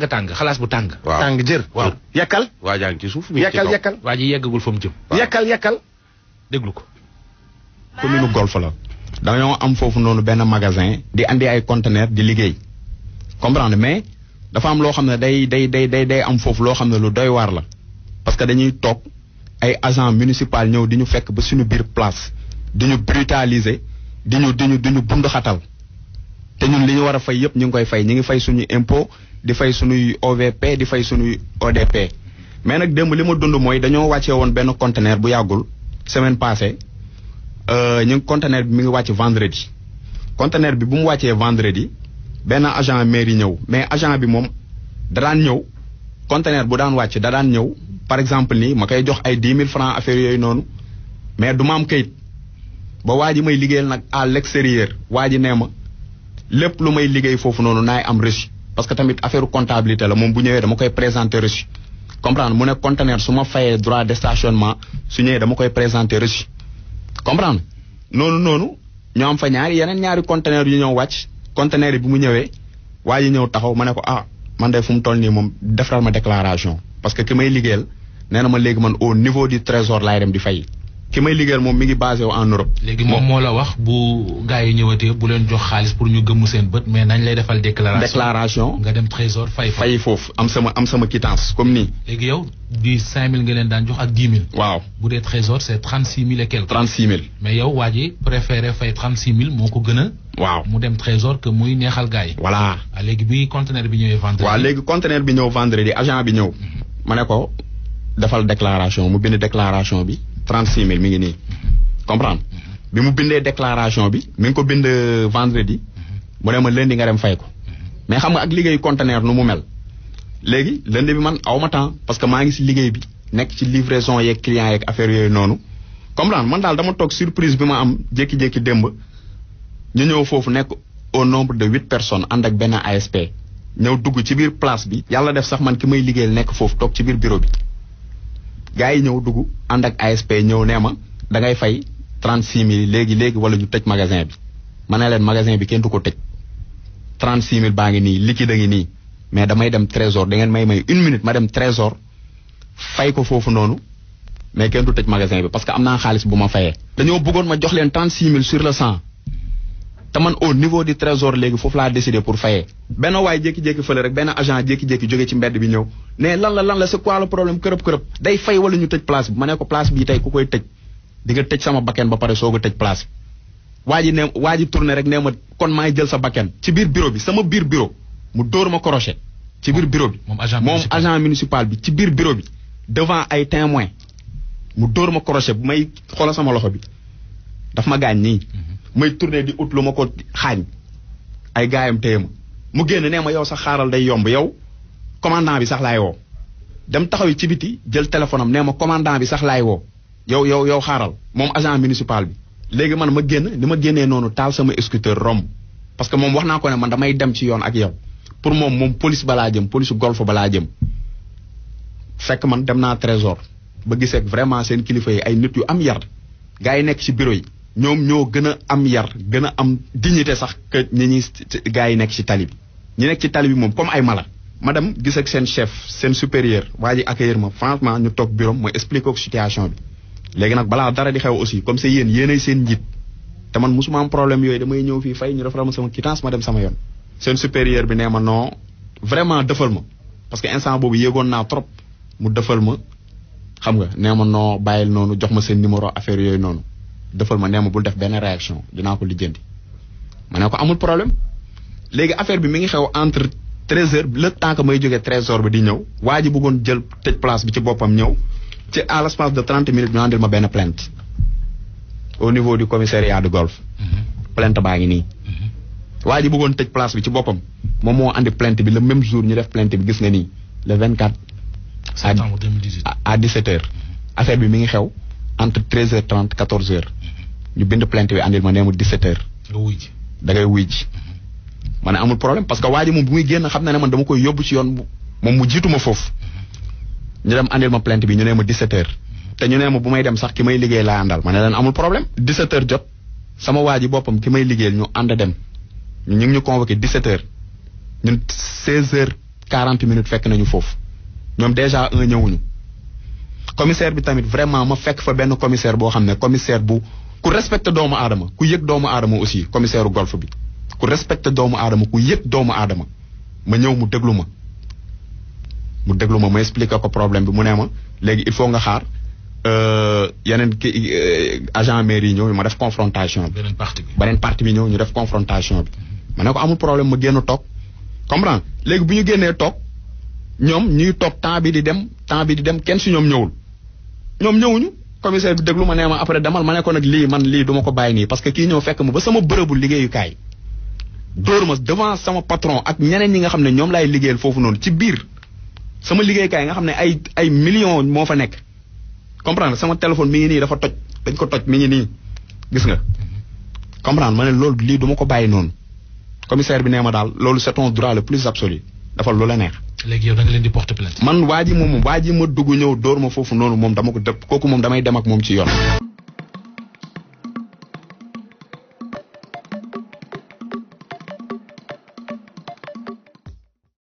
tàng tàng xalaas bu tàng. waaw tàng jër. waaw yakkal. waa jaa suuf mi yakkal yakkal. waa ji yeggagul fa mu jëm. yakkal yakkal. déglu ko. commune Golf la. dañoo am foofu noonu benn magasin. di indi ay conteneur di liggéey. comprendre mais dafa am loo xam ne day day day day day am foofu loo xam ne lu doy waar la. parce que dañuy toog ay agent municipal ñëw di ñu fekk ba suñu biir place. di ñu brutaliser. di ñu di ñu di ñu bunduxatal te ñun li ñu war a fay yëpp ñu ngi koy fay ñu ngi fay suñu impôt di fay suñuy OVP di fay suñuy ODP mais nag démb li ma dund mooy dañoo wàccee woon benn conteneur bu yàggul semaine passée euh, ñu ngi bi mi ngi wàcc vendredi conteneur bi bu mu wàccee vendredi benn agent mairie ñëw mais agent bi moom da daan ñëw conteneur bu daan wàcc da daan ñëw par exemple nii ma koy jox ay dix mille francs affaire yooyu noonu mais du ma am kayit ba waa ji may liggéeyal nag à l'extérieur waa ji nee ma lépp lu may liggéey foofu noonu naay am reçu parce que tamit affaire comptabilité la moom bu ñëwee dama koy présenter reçu comprendre mu ne conteneur su ma fayee droit de stationnement su ñëwee dama koy présenter reçu comprendre noonu noonu ñoo am fa ñaari yeneen ñaari conteneur yu ñëw wàcc conteneur bi mu ñëwee waaye ñëw taxaw ma ne ko ah man de fu mu toll nii moom defaral ma déclaration parce que ki may liggéeyal nee na ma léegi man au niveau du trésor laay dem di fay ki may liggéeyal moom mi ngi basé wu en Europe. léegi moo la wax bu gars yi ñëwatee bu leen jox xaalis pour ñu gëmm seen bët mais nañ lay defal déclaration. déclaration nga dem trésor fay. fay foofu am sama am sama quittance comme nii. léegi yow di 5000 nga leen daan jox ak 10 000. waaw bu dee trésor c' est 36 000 et quelque. 36 000. mais yow waa ji préféré fay 36 000 moo ko gën a. waaw mu dem trésor que muy neexal gars yi. voilà ah, léegi bi conteneur bi ñëwee vendredi. waaw léegi conteneur bi ñëw agent bi ñëw. Mhm. ma ne ko defal déclaration mu bind déclaration bi. 36 000 mi ngi nii comprendre mhm. bi mu bindee déclaration bi mi ngi ko bind euh, vendredi mhm. mu ne ma lundi nga dem fay ko mhm. mais xam nga ak liggéeyu conteneur nu mu mel léegi lundi bi man aw ma temps parce que maa ngi si liggéey bi nekk ci livraison yeeg clients yeeg affaire yooyu noonu comprendre man daal dama toog surprise bi ma am jékki-jékki démb ñu ñëw foofu nekk au nombre de huit personnes ànd ak benn ASP ñëw dugg ci biir place bi yàlla def sax man ki may liggéeyal nekk foofu ci biir bureau bi gars yi ñëw dugg ànd ak ASP ñëw nee ma fay trent fay 36000 léegi léegi wala ñu tëj magasin bi ma ne leen magasin bi kenn du ko tëj 36000 baa ngi nii liquide a ngi nii mais damay dem trésor da ngeen may may une minute ma dem trésor fay ko foofu noonu mais kenn du tëj magasin bi parce que am naa xaalis bu ma fayee. dañoo bëggoon ma jox leen 36000 sur le 100. te man au niveau du trésor légui fofu la décidé pour fayé benn way djéki djéki fële rek ben agent djéki djéki djogé ci mbéd bi ñew né lan la lan la c'est quoi le problème kërëb kërëb day fay wala ñu tëj place bi ma ko place bi tay ku koy tëj di nga tëj sama bakken ba paré soog a place bi waa ji ne waa rek néma kon maay jël sa bakken ci biir bureau bi sama biir bureau mu dóor ma crochet ci biir bureau bi mom agent mom agent municipal bi ci biir bureau bi devant ay témoins mu dóor ma crochet bu may xoolal sama loxo bi daf ma gaañ nii mhm. may tourné di ut lu ma ko xaañ ay gaayam téye ma mu génn nee ma yow sax xaaral day yomb yow commandant bi sax laay wo dem taxaw ci biti jël téléphone am nee ma commandant bi sax laay woo yow yow yow xaaral moom agent municipal bi. léegi man ma génn ni ma génnee noonu taal sama scooter romb parce que moom wax naa ko ne man damay dem ci yoon ak yow pour moom moom police balaa jëm police golf balaa jëm fekk man dem naa trésor ba gisee vraiment seen kilifa yi ay nit yu am yar gars yi nekk ci bureau yi. ñoom ñoo gën a am yar gën a am dignité sax ni ñi ñuy gars yi nekk ci tali bi ñi nekk ci tali bi moom comme ay mala ma dem gis ak seen chef seen supérieur waa ji accueillir ma franchement ñu toog bureau ma explique ko situation bi léegi nag balaa dara di xew aussi comme c'est yéen seen njiit te man mosuma am yooyu damay ñëw fii fay ñu defaral ma sama quittance ma dem sama yoon seen supérieur bi nee ma noo vraiment defal ma parce que instant boobu yéegoon naa trop mu defal ma xam nga nee ma noo bàyyil noonu jox ma seen numéro affaire yooyu noonu defal ma nee ma bul def benn réaction dinaa ko lijjanti ma ne ko amul problème léegi affaire bi mi ngi xew entre treize heures le temps que may jógee treize bi di ñëw waa ji bëggoon jël tëj place bi ci boppam ñëw ci à l'espace de trente minutes ñu àndil ma benn plainte au niveau du commissariat de golf mm-hmm. plainte baa ngi nii mm-hmm. waa ji bëggoon tëj place bi ci boppam moom moo andi plainte bi le même jour ñu def plainte bi gis nga nii le vingt quatre septembre 2018 à dix sept heures mm-hmm. affaire bi mi ngi xew entre treize heures trente quatorze heures mhm. ñu bind plainte bi andil ma nee ma dix sept heures. nga wuy ji da ngay wuy ji. Mhm. ma ne amul problème parce que waa ji moom bu muy génn xam na ne man dama koy yóbbu ci yoon moom mu jiitu foofu. Mhm. ñu dem andil ma plainte bi ñu nee ma dix sept heures. te ñu nee ma bu may dem sax ki may liggéey laa àndal ma ne leen amul problème. dix sept heures jot sama waa ji boppam ki may liggéeyal ñu ànd dem ñu ngi ñu convoqué dix sept heures ñun seize heures quarante nañu foofu ñoom déjà ñëwuñu. commissaire bi tamit vraiment ma fekk fa benn commissaire boo xam ne commissaire bu ku respecté doomu aadama ku yëg doomu aadama aussi commissaire golf bi ku respecté doomu aadama ku yëg doomu aadama ma ñëw mu déglu ma mu déglu ma mu expliqué ko problème bi mu ne ma léegi il faut nga xaar euh, yeneen ki euh, agent mairie yi ñëw ma def confrontation bi. beneen partie bi beneen partie bi ñëw ñu def confrontation bi. ma ne ko amul problème ma génn toog comprendre léegi bu ñu génnee toog ñoom ñuy toog temps bi di dem temps bi di dem kenn si ñoom ñëwul. ñoom ñëwuñu commissaire bi déglu ma nee ma après demal ma ne ko nag lii man lii du ko bàyyi nii parce que kii ñëw fekk ma ba sama bërëbu liggéeyukaay dóor ma devant sama patron ak ñeneen ñi nga xam ne ñoom laay liggéeyal foofu noonu ci biir sama liggéeyukaay nga xam ne ay ay millions moo fa nekk comprendre sama téléphone mi ngi nii dafa toj dañ ko toj mi ngi nii gis nga comprendre ma ne loolu lii duma ko bàyyi noonu commissaire bi nee ma daal loolu c'est ton droit le plus absolu dafa la neex léegi yow leen di porte plainte man waa mo moom waa ji ma dugg ñëw dóor ma foofu noonu moom dama ko dëpp kooku moom damay dem ak moom ci yoon